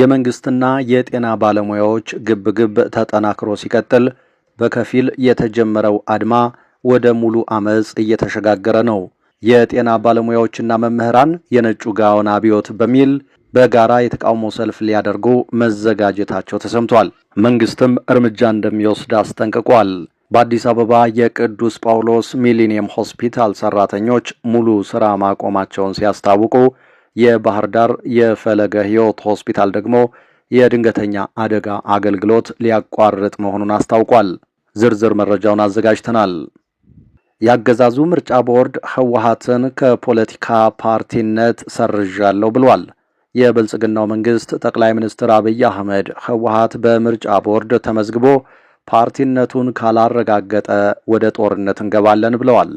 የመንግስትና የጤና ባለሙያዎች ግብግብ ተጠናክሮ ሲቀጥል በከፊል የተጀመረው አድማ ወደ ሙሉ አመፅ እየተሸጋገረ ነው። የጤና ባለሙያዎችና መምህራን የነጩ ጋውን አብዮት በሚል በጋራ የተቃውሞ ሰልፍ ሊያደርጉ መዘጋጀታቸው ተሰምቷል። መንግስትም እርምጃ እንደሚወስድ አስጠንቅቋል። በአዲስ አበባ የቅዱስ ጳውሎስ ሚሊኒየም ሆስፒታል ሰራተኞች ሙሉ ስራ ማቆማቸውን ሲያስታውቁ የባህር ዳር የፈለገ ሕይወት ሆስፒታል ደግሞ የድንገተኛ አደጋ አገልግሎት ሊያቋርጥ መሆኑን አስታውቋል። ዝርዝር መረጃውን አዘጋጅተናል። ያገዛዙ ምርጫ ቦርድ ህወሓትን ከፖለቲካ ፓርቲነት ሰርዣለሁ ብሏል። የብልጽግናው መንግስት ጠቅላይ ሚኒስትር አብይ አህመድ ህወሓት በምርጫ ቦርድ ተመዝግቦ ፓርቲነቱን ካላረጋገጠ ወደ ጦርነት እንገባለን ብለዋል።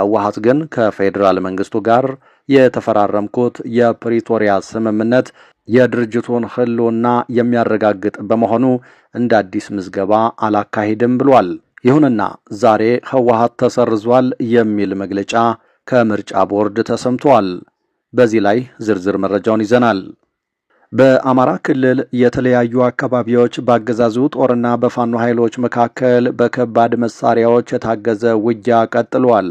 ህወሓት ግን ከፌዴራል መንግስቱ ጋር የተፈራረምኩት የፕሪቶሪያ ስምምነት የድርጅቱን ሕልውና የሚያረጋግጥ በመሆኑ እንደ አዲስ ምዝገባ አላካሄድም ብሏል። ይሁንና ዛሬ ህወሀት ተሰርዟል የሚል መግለጫ ከምርጫ ቦርድ ተሰምቷል። በዚህ ላይ ዝርዝር መረጃውን ይዘናል። በአማራ ክልል የተለያዩ አካባቢዎች በአገዛዙ ጦርና በፋኖ ኃይሎች መካከል በከባድ መሳሪያዎች የታገዘ ውጊያ ቀጥሏል።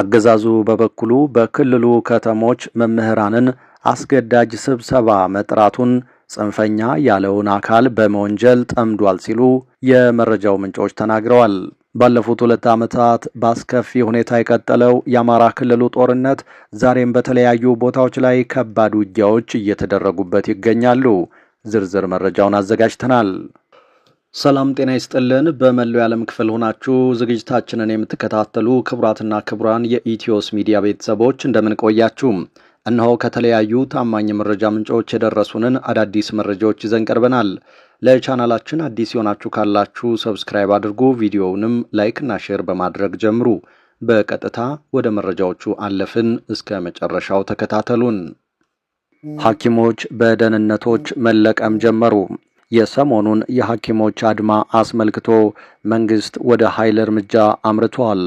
አገዛዙ በበኩሉ በክልሉ ከተሞች መምህራንን አስገዳጅ ስብሰባ መጥራቱን ጽንፈኛ ያለውን አካል በመወንጀል ጠምዷል ሲሉ የመረጃው ምንጮች ተናግረዋል። ባለፉት ሁለት ዓመታት በአስከፊ ሁኔታ የቀጠለው የአማራ ክልሉ ጦርነት ዛሬም በተለያዩ ቦታዎች ላይ ከባድ ውጊያዎች እየተደረጉበት ይገኛሉ። ዝርዝር መረጃውን አዘጋጅተናል። ሰላም ጤና ይስጥልን። በመላው የዓለም ክፍል ሆናችሁ ዝግጅታችንን የምትከታተሉ ክቡራትና ክቡራን የኢትዮስ ሚዲያ ቤተሰቦች እንደምን ቆያችሁ? እነሆ ከተለያዩ ታማኝ መረጃ ምንጮች የደረሱንን አዳዲስ መረጃዎች ይዘን ቀርበናል። ለቻናላችን አዲስ የሆናችሁ ካላችሁ ሰብስክራይብ አድርጉ፣ ቪዲዮውንም ላይክና ሼር በማድረግ ጀምሩ። በቀጥታ ወደ መረጃዎቹ አለፍን። እስከ መጨረሻው ተከታተሉን። ሐኪሞች በደህንነቶች መለቀም ጀመሩ። የሰሞኑን የሐኪሞች አድማ አስመልክቶ መንግስት ወደ ኃይል እርምጃ አምርቷል።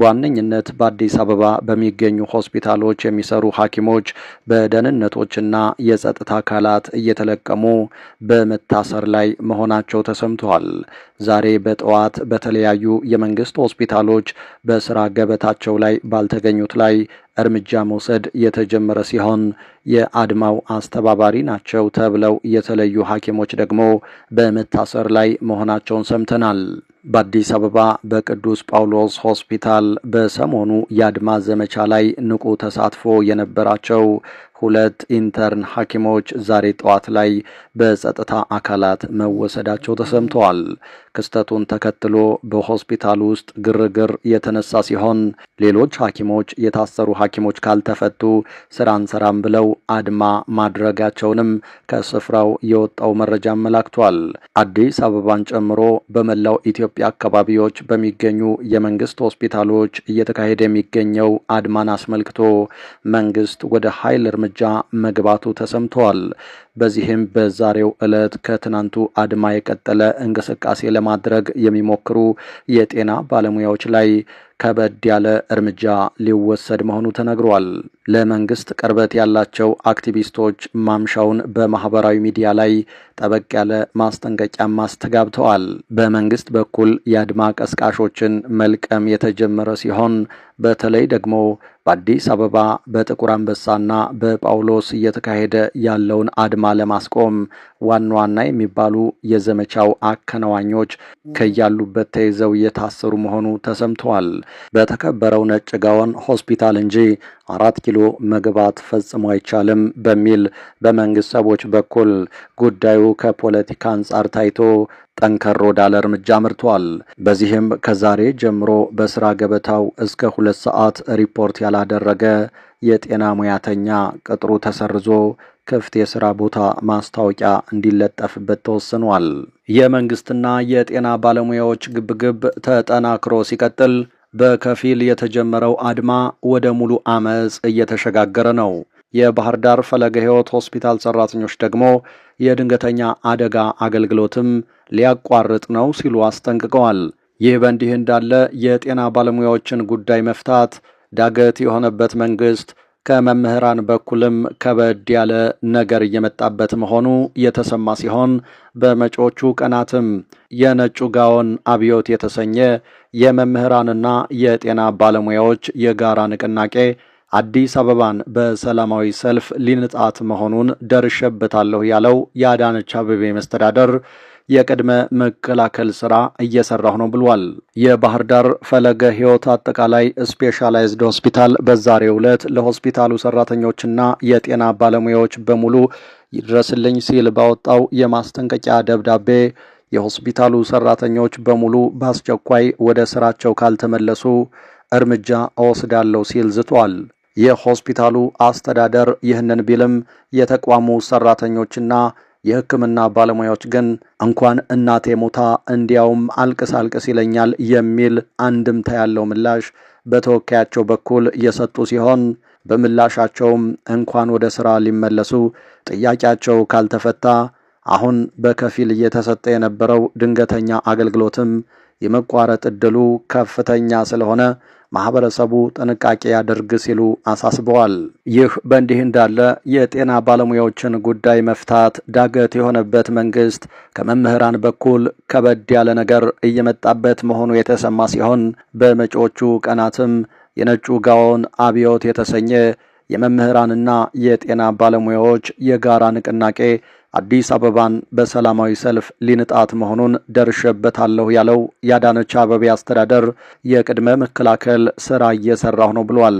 በዋነኝነት በአዲስ አበባ በሚገኙ ሆስፒታሎች የሚሰሩ ሐኪሞች በደህንነቶችና የጸጥታ አካላት እየተለቀሙ በመታሰር ላይ መሆናቸው ተሰምተዋል። ዛሬ በጠዋት በተለያዩ የመንግስት ሆስፒታሎች በስራ ገበታቸው ላይ ባልተገኙት ላይ እርምጃ መውሰድ የተጀመረ ሲሆን የአድማው አስተባባሪ ናቸው ተብለው የተለዩ ሐኪሞች ደግሞ በመታሰር ላይ መሆናቸውን ሰምተናል። በአዲስ አበባ በቅዱስ ጳውሎስ ሆስፒታል በሰሞኑ የአድማ ዘመቻ ላይ ንቁ ተሳትፎ የነበራቸው ሁለት ኢንተርን ሐኪሞች ዛሬ ጠዋት ላይ በጸጥታ አካላት መወሰዳቸው ተሰምተዋል። ክስተቱን ተከትሎ በሆስፒታል ውስጥ ግርግር የተነሳ ሲሆን ሌሎች ሐኪሞች የታሰሩ ሐኪሞች ካልተፈቱ ስራ አንሰራም ብለው አድማ ማድረጋቸውንም ከስፍራው የወጣው መረጃ አመላክቷል። አዲስ አበባን ጨምሮ በመላው ኢትዮጵያ አካባቢዎች በሚገኙ የመንግስት ሆስፒታሎች እየተካሄደ የሚገኘው አድማን አስመልክቶ መንግስት ወደ ኃይል እርምጃ እርምጃ መግባቱ ተሰምተዋል። በዚህም በዛሬው ዕለት ከትናንቱ አድማ የቀጠለ እንቅስቃሴ ለማድረግ የሚሞክሩ የጤና ባለሙያዎች ላይ ከበድ ያለ እርምጃ ሊወሰድ መሆኑ ተነግሯል። ለመንግስት ቅርበት ያላቸው አክቲቪስቶች ማምሻውን በማህበራዊ ሚዲያ ላይ ጠበቅ ያለ ማስጠንቀቂያ ማስተጋብተዋል። በመንግስት በኩል የአድማ ቀስቃሾችን መልቀም የተጀመረ ሲሆን በተለይ ደግሞ በአዲስ አበባ በጥቁር አንበሳና በጳውሎስ እየተካሄደ ያለውን አድማ አድማ ለማስቆም ዋና ዋና የሚባሉ የዘመቻው አከናዋኞች ከያሉበት ተይዘው እየታሰሩ መሆኑ ተሰምተዋል። በተከበረው ነጭ ጋወን ሆስፒታል እንጂ አራት ኪሎ መግባት ፈጽሞ አይቻልም በሚል በመንግስት ሰዎች በኩል ጉዳዩ ከፖለቲካ አንጻር ታይቶ ጠንከር ወዳለ እርምጃ አምርቷል። በዚህም ከዛሬ ጀምሮ በስራ ገበታው እስከ ሁለት ሰዓት ሪፖርት ያላደረገ የጤና ሙያተኛ ቅጥሩ ተሰርዞ ክፍት የሥራ ቦታ ማስታወቂያ እንዲለጠፍበት ተወስኗል። የመንግስትና የጤና ባለሙያዎች ግብግብ ተጠናክሮ ሲቀጥል በከፊል የተጀመረው አድማ ወደ ሙሉ አመፅ እየተሸጋገረ ነው። የባህር ዳር ፈለገ ሕይወት ሆስፒታል ሰራተኞች ደግሞ የድንገተኛ አደጋ አገልግሎትም ሊያቋርጥ ነው ሲሉ አስጠንቅቀዋል። ይህ በእንዲህ እንዳለ የጤና ባለሙያዎችን ጉዳይ መፍታት ዳገት የሆነበት መንግሥት ከመምህራን በኩልም ከበድ ያለ ነገር እየመጣበት መሆኑ የተሰማ ሲሆን በመጪዎቹ ቀናትም የነጩ ጋውን አብዮት የተሰኘ የመምህራንና የጤና ባለሙያዎች የጋራ ንቅናቄ አዲስ አበባን በሰላማዊ ሰልፍ ሊንጣት መሆኑን ደርሸበታለሁ ያለው የአዳነች አበቤ መስተዳደር የቅድመ መከላከል ስራ እየሰራሁ ነው ብሏል። የባህር ዳር ፈለገ ሕይወት አጠቃላይ ስፔሻላይዝድ ሆስፒታል በዛሬው ዕለት ለሆስፒታሉ ሰራተኞችና የጤና ባለሙያዎች በሙሉ ይድረስልኝ ሲል ባወጣው የማስጠንቀቂያ ደብዳቤ የሆስፒታሉ ሰራተኞች በሙሉ በአስቸኳይ ወደ ስራቸው ካልተመለሱ እርምጃ እወስዳለሁ ሲል ዝቷል። የሆስፒታሉ አስተዳደር ይህንን ቢልም የተቋሙ ሰራተኞችና የሕክምና ባለሙያዎች ግን እንኳን እናቴ ሞታ እንዲያውም አልቅስ አልቅስ ይለኛል የሚል አንድምታ ያለው ምላሽ በተወካያቸው በኩል የሰጡ ሲሆን በምላሻቸውም እንኳን ወደ ሥራ ሊመለሱ ጥያቄያቸው ካልተፈታ አሁን በከፊል እየተሰጠ የነበረው ድንገተኛ አገልግሎትም የመቋረጥ ዕድሉ ከፍተኛ ስለሆነ ማህበረሰቡ ጥንቃቄ ያደርግ ሲሉ አሳስበዋል። ይህ በእንዲህ እንዳለ የጤና ባለሙያዎችን ጉዳይ መፍታት ዳገት የሆነበት መንግስት ከመምህራን በኩል ከበድ ያለ ነገር እየመጣበት መሆኑ የተሰማ ሲሆን በመጪዎቹ ቀናትም የነጩ ጋውን አብዮት የተሰኘ የመምህራንና የጤና ባለሙያዎች የጋራ ንቅናቄ አዲስ አበባን በሰላማዊ ሰልፍ ሊንጣት መሆኑን ደርሸበታለሁ ያለው የአዳነች አበቤ አስተዳደር የቅድመ መከላከል ስራ እየሰራሁ ነው ብሏል።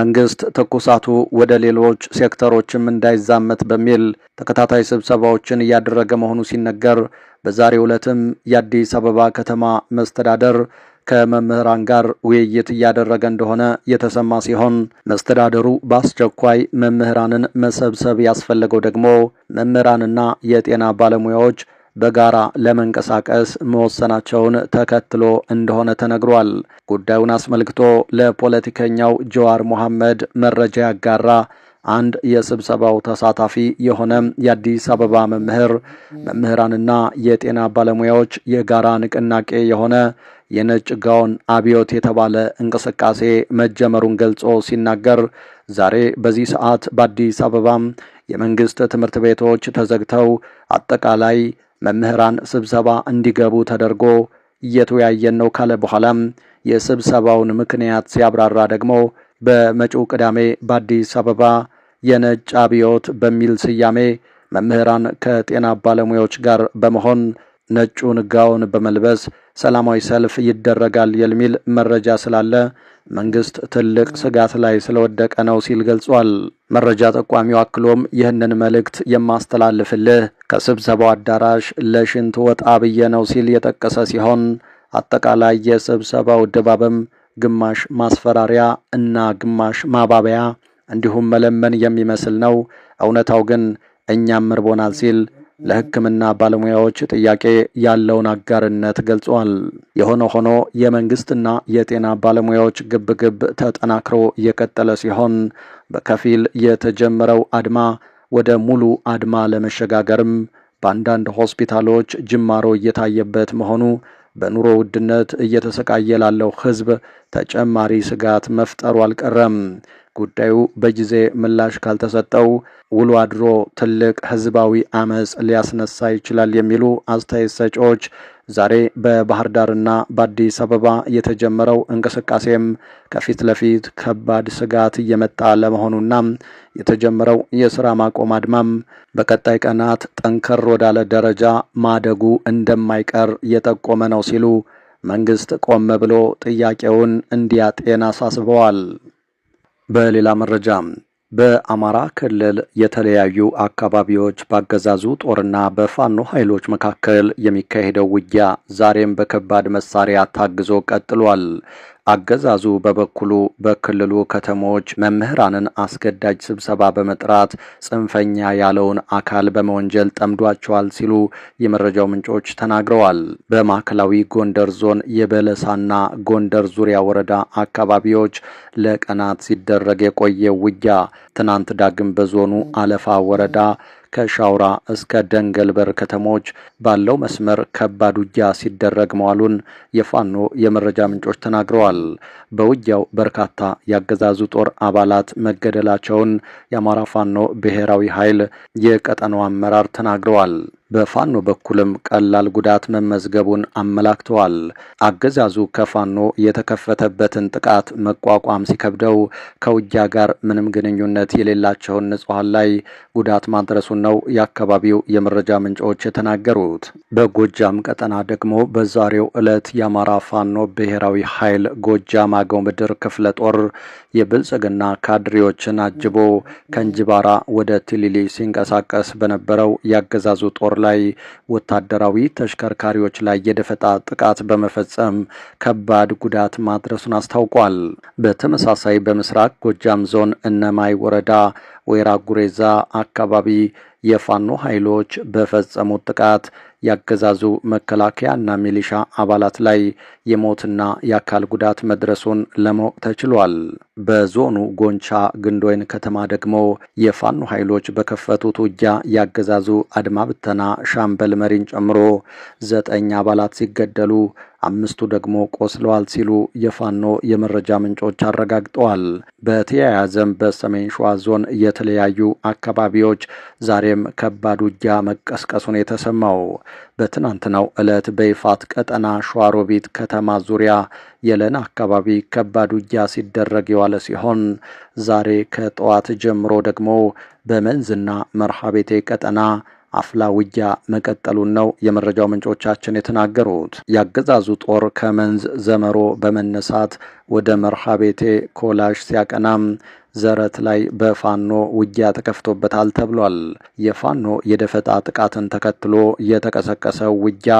መንግስት ትኩሳቱ ወደ ሌሎች ሴክተሮችም እንዳይዛመት በሚል ተከታታይ ስብሰባዎችን እያደረገ መሆኑ ሲነገር በዛሬ ዕለትም የአዲስ አበባ ከተማ መስተዳደር ከመምህራን ጋር ውይይት እያደረገ እንደሆነ የተሰማ ሲሆን መስተዳደሩ በአስቸኳይ መምህራንን መሰብሰብ ያስፈለገው ደግሞ መምህራንና የጤና ባለሙያዎች በጋራ ለመንቀሳቀስ መወሰናቸውን ተከትሎ እንደሆነ ተነግሯል። ጉዳዩን አስመልክቶ ለፖለቲከኛው ጀዋር መሐመድ መረጃ ያጋራ አንድ የስብሰባው ተሳታፊ የሆነ የአዲስ አበባ መምህር መምህራንና የጤና ባለሙያዎች የጋራ ንቅናቄ የሆነ የነጭ ጋውን አብዮት የተባለ እንቅስቃሴ መጀመሩን ገልጾ ሲናገር ዛሬ በዚህ ሰዓት በአዲስ አበባም የመንግስት ትምህርት ቤቶች ተዘግተው አጠቃላይ መምህራን ስብሰባ እንዲገቡ ተደርጎ እየተወያየን ነው ካለ በኋላም የስብሰባውን ምክንያት ሲያብራራ ደግሞ በመጪው ቅዳሜ በአዲስ አበባ የነጭ አብዮት በሚል ስያሜ መምህራን ከጤና ባለሙያዎች ጋር በመሆን ነጩን ጋውን በመልበስ ሰላማዊ ሰልፍ ይደረጋል የሚል መረጃ ስላለ መንግስት ትልቅ ስጋት ላይ ስለወደቀ ነው ሲል ገልጿል። መረጃ ጠቋሚው አክሎም ይህንን መልእክት የማስተላልፍልህ ከስብሰባው አዳራሽ ለሽንት ወጣ ብዬ ነው ሲል የጠቀሰ ሲሆን አጠቃላይ የስብሰባው ድባብም ግማሽ ማስፈራሪያ እና ግማሽ ማባበያ እንዲሁም መለመን የሚመስል ነው። እውነታው ግን እኛም እርቦናል ሲል ለሕክምና ባለሙያዎች ጥያቄ ያለውን አጋርነት ገልጿል። የሆነ ሆኖ የመንግስትና የጤና ባለሙያዎች ግብግብ ተጠናክሮ የቀጠለ ሲሆን በከፊል የተጀመረው አድማ ወደ ሙሉ አድማ ለመሸጋገርም በአንዳንድ ሆስፒታሎች ጅማሮ እየታየበት መሆኑ በኑሮ ውድነት እየተሰቃየ ላለው ሕዝብ ተጨማሪ ስጋት መፍጠሩ አልቀረም። ጉዳዩ በጊዜ ምላሽ ካልተሰጠው ውሎ አድሮ ትልቅ ሕዝባዊ አመፅ ሊያስነሳ ይችላል የሚሉ አስተያየት ሰጪዎች ዛሬ በባህር ዳርና በአዲስ አበባ የተጀመረው እንቅስቃሴም ከፊት ለፊት ከባድ ስጋት እየመጣ ለመሆኑና የተጀመረው የስራ ማቆም አድማም በቀጣይ ቀናት ጠንከር ወዳለ ደረጃ ማደጉ እንደማይቀር የጠቆመ ነው ሲሉ መንግስት ቆም ብሎ ጥያቄውን እንዲያጤን አሳስበዋል። በሌላ መረጃ በአማራ ክልል የተለያዩ አካባቢዎች ባገዛዙ ጦርና በፋኖ ኃይሎች መካከል የሚካሄደው ውጊያ ዛሬም በከባድ መሳሪያ ታግዞ ቀጥሏል። አገዛዙ በበኩሉ በክልሉ ከተሞች መምህራንን አስገዳጅ ስብሰባ በመጥራት ጽንፈኛ ያለውን አካል በመወንጀል ጠምዷቸዋል ሲሉ የመረጃው ምንጮች ተናግረዋል። በማዕከላዊ ጎንደር ዞን የበለሳና ጎንደር ዙሪያ ወረዳ አካባቢዎች ለቀናት ሲደረግ የቆየ ውጊያ ትናንት ዳግም በዞኑ አለፋ ወረዳ ከሻውራ እስከ ደንገልበር ከተሞች ባለው መስመር ከባድ ውጊያ ሲደረግ መዋሉን የፋኖ የመረጃ ምንጮች ተናግረዋል። በውጊያው በርካታ ያገዛዙ ጦር አባላት መገደላቸውን የአማራ ፋኖ ብሔራዊ ኃይል የቀጠናው አመራር ተናግረዋል። በፋኖ በኩልም ቀላል ጉዳት መመዝገቡን አመላክተዋል። አገዛዙ ከፋኖ የተከፈተበትን ጥቃት መቋቋም ሲከብደው ከውጊያ ጋር ምንም ግንኙነት የሌላቸውን ንጹሐን ላይ ጉዳት ማድረሱን ነው የአካባቢው የመረጃ ምንጮች የተናገሩት። በጎጃም ቀጠና ደግሞ በዛሬው ዕለት የአማራ ፋኖ ብሔራዊ ኃይል ጎጃም በአገው ምድር ክፍለ ጦር የብልጽግና ካድሬዎችን አጅቦ ከእንጅባራ ወደ ትሊሊ ሲንቀሳቀስ በነበረው ያገዛዙ ጦር ላይ ወታደራዊ ተሽከርካሪዎች ላይ የደፈጣ ጥቃት በመፈጸም ከባድ ጉዳት ማድረሱን አስታውቋል። በተመሳሳይ በምስራቅ ጎጃም ዞን እነማይ ወረዳ ወይራ ጉሬዛ አካባቢ የፋኖ ኃይሎች በፈጸሙት ጥቃት ያገዛዙ መከላከያና ሚሊሻ አባላት ላይ የሞትና የአካል ጉዳት መድረሱን ለማወቅ ተችሏል። በዞኑ ጎንቻ ግንዶይን ከተማ ደግሞ የፋኖ ኃይሎች በከፈቱት ውጊያ ያገዛዙ አድማ ብተና ሻምበል መሪን ጨምሮ ዘጠኝ አባላት ሲገደሉ አምስቱ ደግሞ ቆስለዋል ሲሉ የፋኖ የመረጃ ምንጮች አረጋግጠዋል። በተያያዘም በሰሜን ሸዋ ዞን የተለያዩ አካባቢዎች ዛሬም ከባድ ውጊያ መቀስቀሱን የተሰማው በትናንትናው ዕለት በይፋት ቀጠና ሸዋሮቢት ከተማ ዙሪያ የለና አካባቢ ከባድ ውጊያ ሲደረግ የዋለ ሲሆን ዛሬ ከጠዋት ጀምሮ ደግሞ በመንዝና መርሃቤቴ ቀጠና አፍላ ውጊያ መቀጠሉን ነው የመረጃው ምንጮቻችን የተናገሩት። የአገዛዙ ጦር ከመንዝ ዘመሮ በመነሳት ወደ መርሃ ቤቴ ኮላሽ ሲያቀናም ዘረት ላይ በፋኖ ውጊያ ተከፍቶበታል ተብሏል። የፋኖ የደፈጣ ጥቃትን ተከትሎ የተቀሰቀሰው ውጊያ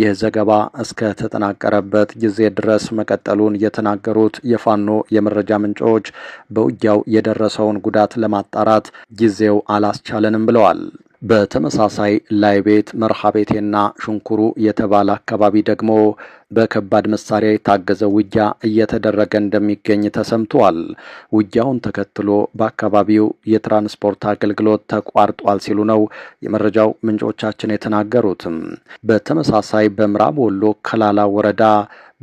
ይህ ዘገባ እስከተጠናቀረበት ጊዜ ድረስ መቀጠሉን የተናገሩት የፋኖ የመረጃ ምንጮች በውጊያው የደረሰውን ጉዳት ለማጣራት ጊዜው አላስቻለንም ብለዋል። በተመሳሳይ ላይ ቤት መርሃ ቤቴና ሽንኩሩ የተባለ አካባቢ ደግሞ በከባድ መሳሪያ የታገዘ ውጊያ እየተደረገ እንደሚገኝ ተሰምቷል። ውጊያውን ተከትሎ በአካባቢው የትራንስፖርት አገልግሎት ተቋርጧል ሲሉ ነው የመረጃው ምንጮቻችን የተናገሩትም። በተመሳሳይ በምዕራብ ወሎ ከላላ ወረዳ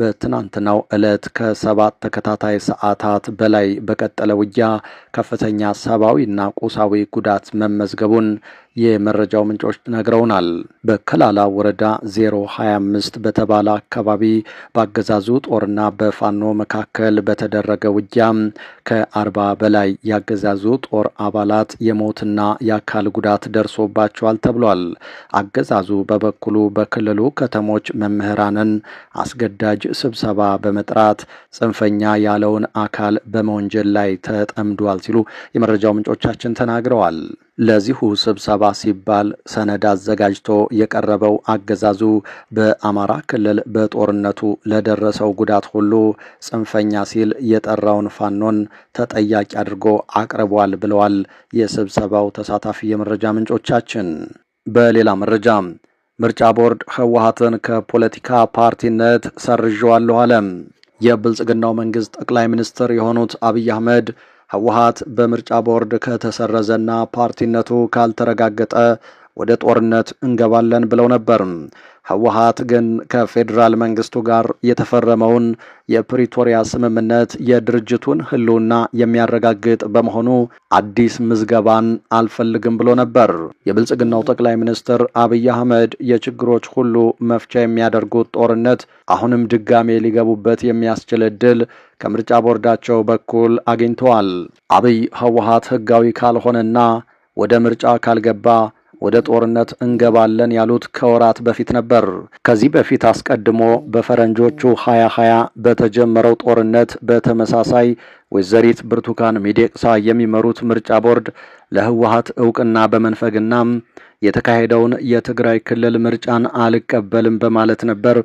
በትናንትናው ዕለት ከሰባት ተከታታይ ሰዓታት በላይ በቀጠለ ውጊያ ከፍተኛ ሰብአዊና ቁሳዊ ጉዳት መመዝገቡን የመረጃው ምንጮች ነግረውናል። በከላላ ወረዳ 025 በተባለ አካባቢ አካባቢ በአገዛዙ ጦርና በፋኖ መካከል በተደረገ ውጊያ ከአርባ በላይ የአገዛዙ ጦር አባላት የሞትና የአካል ጉዳት ደርሶባቸዋል ተብሏል። አገዛዙ በበኩሉ በክልሉ ከተሞች መምህራንን አስገዳጅ ስብሰባ በመጥራት ጽንፈኛ ያለውን አካል በመወንጀል ላይ ተጠምዷል ሲሉ የመረጃው ምንጮቻችን ተናግረዋል። ለዚሁ ስብሰባ ሲባል ሰነድ አዘጋጅቶ የቀረበው አገዛዙ በአማራ ክልል በጦርነቱ ለደረሰው ጉዳት ሁሉ ጽንፈኛ ሲል የጠራውን ፋኖን ተጠያቂ አድርጎ አቅርቧል ብለዋል የስብሰባው ተሳታፊ የመረጃ ምንጮቻችን። በሌላ መረጃ ምርጫ ቦርድ ህወሀትን ከፖለቲካ ፓርቲነት ሰርዣዋለሁ አለም። የብልጽግናው መንግስት ጠቅላይ ሚኒስትር የሆኑት አብይ አህመድ ህወሀት በምርጫ ቦርድ ከተሰረዘና ፓርቲነቱ ካልተረጋገጠ ወደ ጦርነት እንገባለን ብለው ነበር። ህወሀት ግን ከፌዴራል መንግስቱ ጋር የተፈረመውን የፕሪቶሪያ ስምምነት የድርጅቱን ህልውና የሚያረጋግጥ በመሆኑ አዲስ ምዝገባን አልፈልግም ብሎ ነበር። የብልጽግናው ጠቅላይ ሚኒስትር አብይ አህመድ የችግሮች ሁሉ መፍቻ የሚያደርጉት ጦርነት አሁንም ድጋሜ ሊገቡበት የሚያስችል እድል ከምርጫ ቦርዳቸው በኩል አግኝተዋል። አብይ ህወሀት ህጋዊ ካልሆነና ወደ ምርጫ ካልገባ ወደ ጦርነት እንገባለን ያሉት ከወራት በፊት ነበር። ከዚህ በፊት አስቀድሞ በፈረንጆቹ 2020 በተጀመረው ጦርነት በተመሳሳይ ወይዘሪት ብርቱካን ሚዴቅሳ የሚመሩት ምርጫ ቦርድ ለህወሀት እውቅና በመንፈግና የተካሄደውን የትግራይ ክልል ምርጫን አልቀበልም በማለት ነበር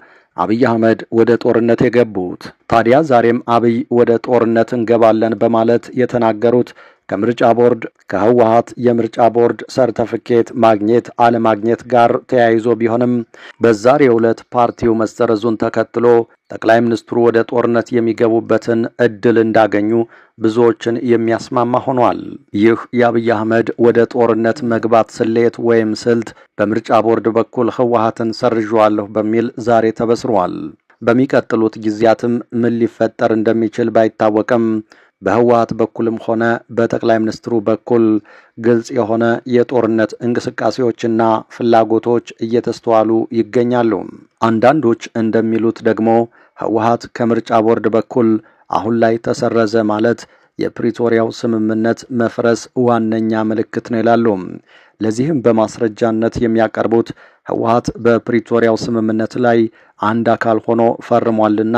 አብይ አህመድ ወደ ጦርነት የገቡት። ታዲያ ዛሬም አብይ ወደ ጦርነት እንገባለን በማለት የተናገሩት ከምርጫ ቦርድ ከህወሀት የምርጫ ቦርድ ሰርተፍኬት ማግኘት አለማግኘት ጋር ተያይዞ ቢሆንም በዛሬው ዕለት ፓርቲው መሰረዙን ተከትሎ ጠቅላይ ሚኒስትሩ ወደ ጦርነት የሚገቡበትን እድል እንዳገኙ ብዙዎችን የሚያስማማ ሆኗል። ይህ የአብይ አህመድ ወደ ጦርነት መግባት ስሌት ወይም ስልት በምርጫ ቦርድ በኩል ህወሀትን ሰርዣዋለሁ በሚል ዛሬ ተበስሯል። በሚቀጥሉት ጊዜያትም ምን ሊፈጠር እንደሚችል ባይታወቅም በህወሓት በኩልም ሆነ በጠቅላይ ሚኒስትሩ በኩል ግልጽ የሆነ የጦርነት እንቅስቃሴዎችና ፍላጎቶች እየተስተዋሉ ይገኛሉ። አንዳንዶች እንደሚሉት ደግሞ ህወሓት ከምርጫ ቦርድ በኩል አሁን ላይ ተሰረዘ ማለት የፕሪቶሪያው ስምምነት መፍረስ ዋነኛ ምልክት ነው ይላሉ። ለዚህም በማስረጃነት የሚያቀርቡት ህወሓት በፕሪቶሪያው ስምምነት ላይ አንድ አካል ሆኖ ፈርሟልና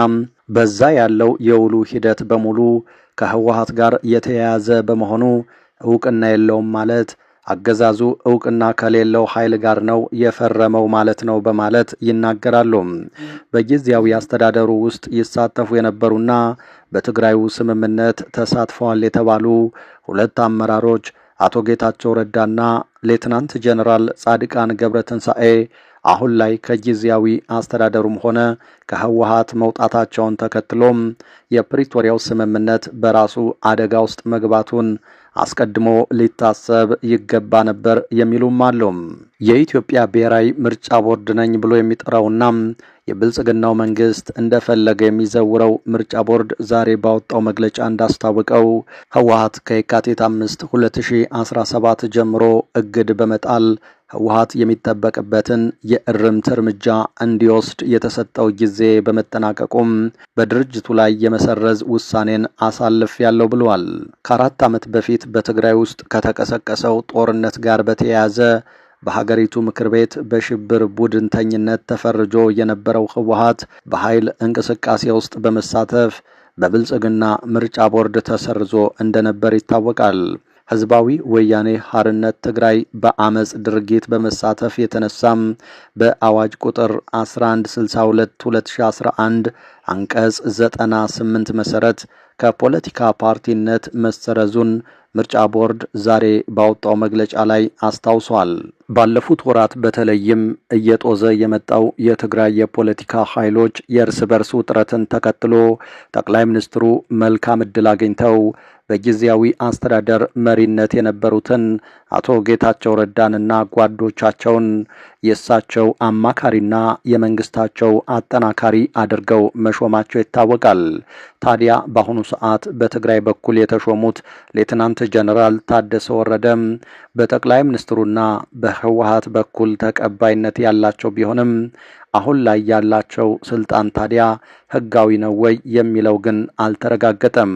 በዛ ያለው የውሉ ሂደት በሙሉ ከህወሀት ጋር የተያያዘ በመሆኑ እውቅና የለውም ማለት አገዛዙ እውቅና ከሌለው ኃይል ጋር ነው የፈረመው ማለት ነው በማለት ይናገራሉ። በጊዜያዊ አስተዳደሩ ውስጥ ይሳተፉ የነበሩና በትግራዩ ስምምነት ተሳትፈዋል የተባሉ ሁለት አመራሮች አቶ ጌታቸው ረዳና ሌትናንት ጀነራል ጻድቃን ገብረ ትንሣኤ አሁን ላይ ከጊዜያዊ አስተዳደሩም ሆነ ከህወሀት መውጣታቸውን ተከትሎም የፕሪቶሪያው ስምምነት በራሱ አደጋ ውስጥ መግባቱን አስቀድሞ ሊታሰብ ይገባ ነበር የሚሉም አሉ። የኢትዮጵያ ብሔራዊ ምርጫ ቦርድ ነኝ ብሎ የሚጠራውና የብልጽግናው መንግስት እንደፈለገ የሚዘውረው ምርጫ ቦርድ ዛሬ ባወጣው መግለጫ እንዳስታወቀው ህወሀት ከየካቲት አምስት 2017 ጀምሮ እግድ በመጣል ህወሀት የሚጠበቅበትን የእርምት እርምጃ እንዲወስድ የተሰጠው ጊዜ በመጠናቀቁም በድርጅቱ ላይ የመሰረዝ ውሳኔን አሳልፍ ያለው ብለዋል። ከአራት ዓመት በፊት በትግራይ ውስጥ ከተቀሰቀሰው ጦርነት ጋር በተያያዘ በሀገሪቱ ምክር ቤት በሽብር ቡድንተኝነት ተፈርጆ የነበረው ህወሀት በኃይል እንቅስቃሴ ውስጥ በመሳተፍ በብልጽግና ምርጫ ቦርድ ተሰርዞ እንደነበር ይታወቃል። ህዝባዊ ወያኔ ሐርነት ትግራይ በአመፅ ድርጊት በመሳተፍ የተነሳም በአዋጅ ቁጥር 1162 2011 አንቀጽ 98 መሠረት ከፖለቲካ ፓርቲነት መሰረዙን ምርጫ ቦርድ ዛሬ ባወጣው መግለጫ ላይ አስታውሷል። ባለፉት ወራት በተለይም እየጦዘ የመጣው የትግራይ የፖለቲካ ኃይሎች የእርስ በርስ ውጥረትን ተከትሎ ጠቅላይ ሚኒስትሩ መልካም ዕድል አግኝተው በጊዜያዊ አስተዳደር መሪነት የነበሩትን አቶ ጌታቸው ረዳንና ጓዶቻቸውን የእሳቸው አማካሪና የመንግስታቸው አጠናካሪ አድርገው መሾማቸው ይታወቃል። ታዲያ በአሁኑ ሰዓት በትግራይ በኩል የተሾሙት ሌትናንት ጀነራል ታደሰ ወረደም በጠቅላይ ሚኒስትሩና በህወሀት በኩል ተቀባይነት ያላቸው ቢሆንም አሁን ላይ ያላቸው ስልጣን ታዲያ ህጋዊ ነው ወይ የሚለው ግን አልተረጋገጠም።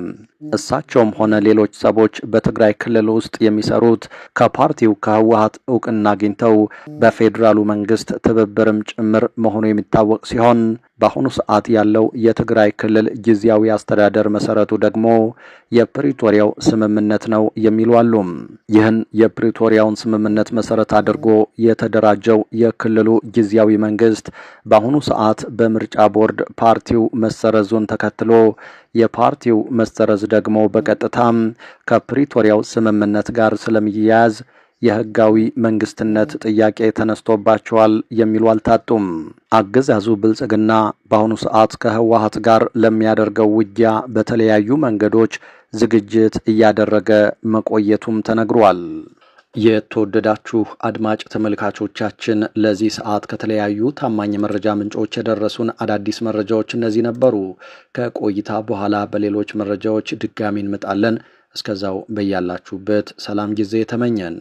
እሳቸውም ሆነ ሌሎች ሰዎች በትግራይ ክልል ውስጥ የሚሰሩት ከፓርቲው ከህወሀት እውቅና አግኝተው በፌዴራሉ መንግስት ትብብርም ጭምር መሆኑ የሚታወቅ ሲሆን በአሁኑ ሰዓት ያለው የትግራይ ክልል ጊዜያዊ አስተዳደር መሰረቱ ደግሞ የፕሪቶሪያው ስምምነት ነው የሚሉ አሉ። ይህን የፕሪቶሪያውን ስምምነት መሰረት አድርጎ የተደራጀው የክልሉ ጊዜያዊ መንግስት በአሁኑ ሰዓት በምርጫ ቦርድ ፓርቲው መሰረዙን ተከትሎ የፓርቲው መሰረዝ ደግሞ በቀጥታ ከፕሪቶሪያው ስምምነት ጋር ስለሚያያዝ የህጋዊ መንግስትነት ጥያቄ ተነስቶባቸዋል የሚሉ አልታጡም። አገዛዙ ብልጽግና በአሁኑ ሰዓት ከህወሀት ጋር ለሚያደርገው ውጊያ በተለያዩ መንገዶች ዝግጅት እያደረገ መቆየቱም ተነግሯል። የተወደዳችሁ አድማጭ ተመልካቾቻችን ለዚህ ሰዓት ከተለያዩ ታማኝ መረጃ ምንጮች የደረሱን አዳዲስ መረጃዎች እነዚህ ነበሩ። ከቆይታ በኋላ በሌሎች መረጃዎች ድጋሚ እንመጣለን። እስከዛው በያላችሁበት ሰላም ጊዜ ተመኘን።